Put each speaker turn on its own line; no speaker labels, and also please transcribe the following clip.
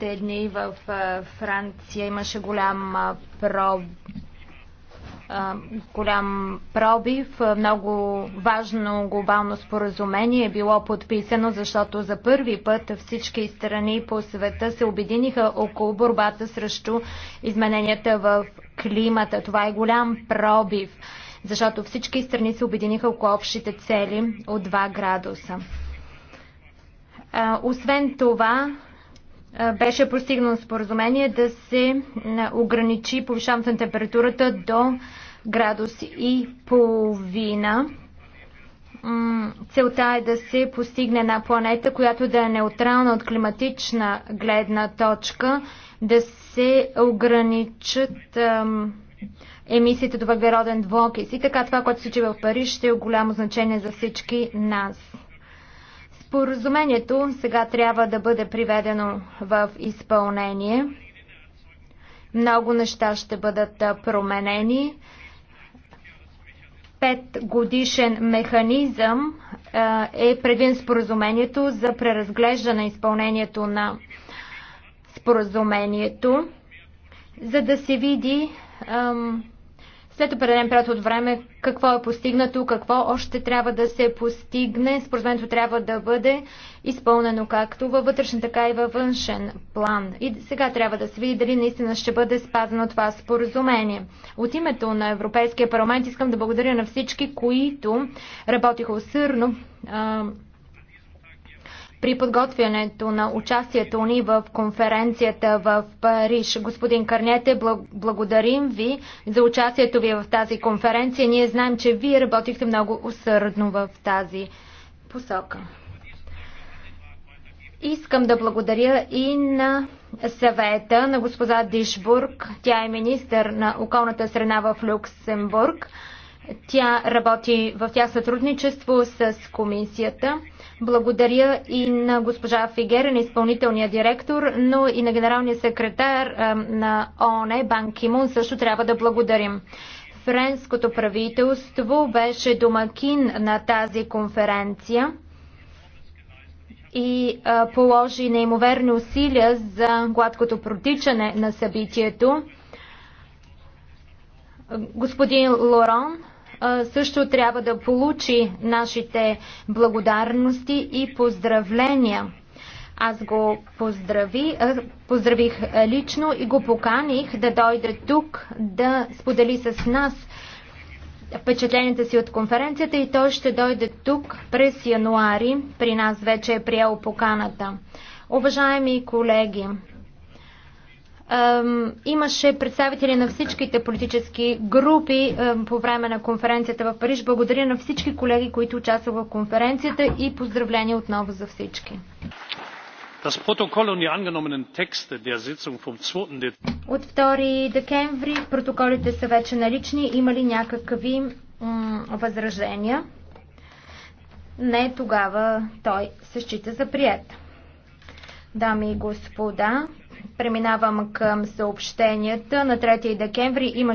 последните дни в Франция имаше голям проб, голям пробив. Много важно глобално споразумение е било подписано, защото за първи път всички страни по света се обединиха около борбата срещу измененията в климата. Това е голям пробив, защото всички страни се обединиха около общите цели от 2 градуса. Освен това, беше постигнало споразумение да се ограничи повишаването на температурата до градус и половина. Целта е да се постигне една планета, която да е неутрална от климатична гледна точка, да се ограничат ем, емисиите до въглероден двуокис. И така това, което се случи в Париж, ще е голямо значение за всички нас. Споразумението сега трябва да бъде приведено в изпълнение. Много неща ще бъдат променени. Пет годишен механизъм е предвиден споразумението за преразглеждане изпълнението на споразумението, за да се види след определен период от време, какво е постигнато, какво още трябва да се постигне, споразумението трябва да бъде изпълнено както във вътрешен, така и във външен план. И сега трябва да се види дали наистина ще бъде спазено това споразумение. От името на Европейския парламент искам да благодаря на всички, които работиха усърдно при подготвянето на участието ни в конференцията в Париж. Господин Карнете, благодарим ви за участието ви в тази конференция. Ние знаем, че вие работихте много усърдно в тази посока. Искам да благодаря и на съвета на госпожа Дишбург. Тя е министър на околната среда в Люксембург. Тя работи в тях сътрудничество с комисията. Благодаря и на госпожа Фигер, на изпълнителния директор, но и на генералния секретар на ООН Бан Кимун също трябва да благодарим. Френското правителство беше домакин на тази конференция и положи неимоверни усилия за гладкото протичане на събитието. Господин Лорон, също трябва да получи нашите благодарности и поздравления. Аз го поздрави, поздравих лично и го поканих да дойде тук да сподели с нас впечатленията си от конференцията и той ще дойде тук през януари. При нас вече е приел поканата. Уважаеми колеги, Имаше представители на всичките политически групи по време на конференцията в Париж. Благодаря на всички колеги, които участваха в конференцията и поздравления отново за всички. От 2 декември протоколите са вече налични. Има ли някакви възражения? Не, тогава той се счита за прият. Дами и господа, Преминавам към съобщенията. На 3 декември имаше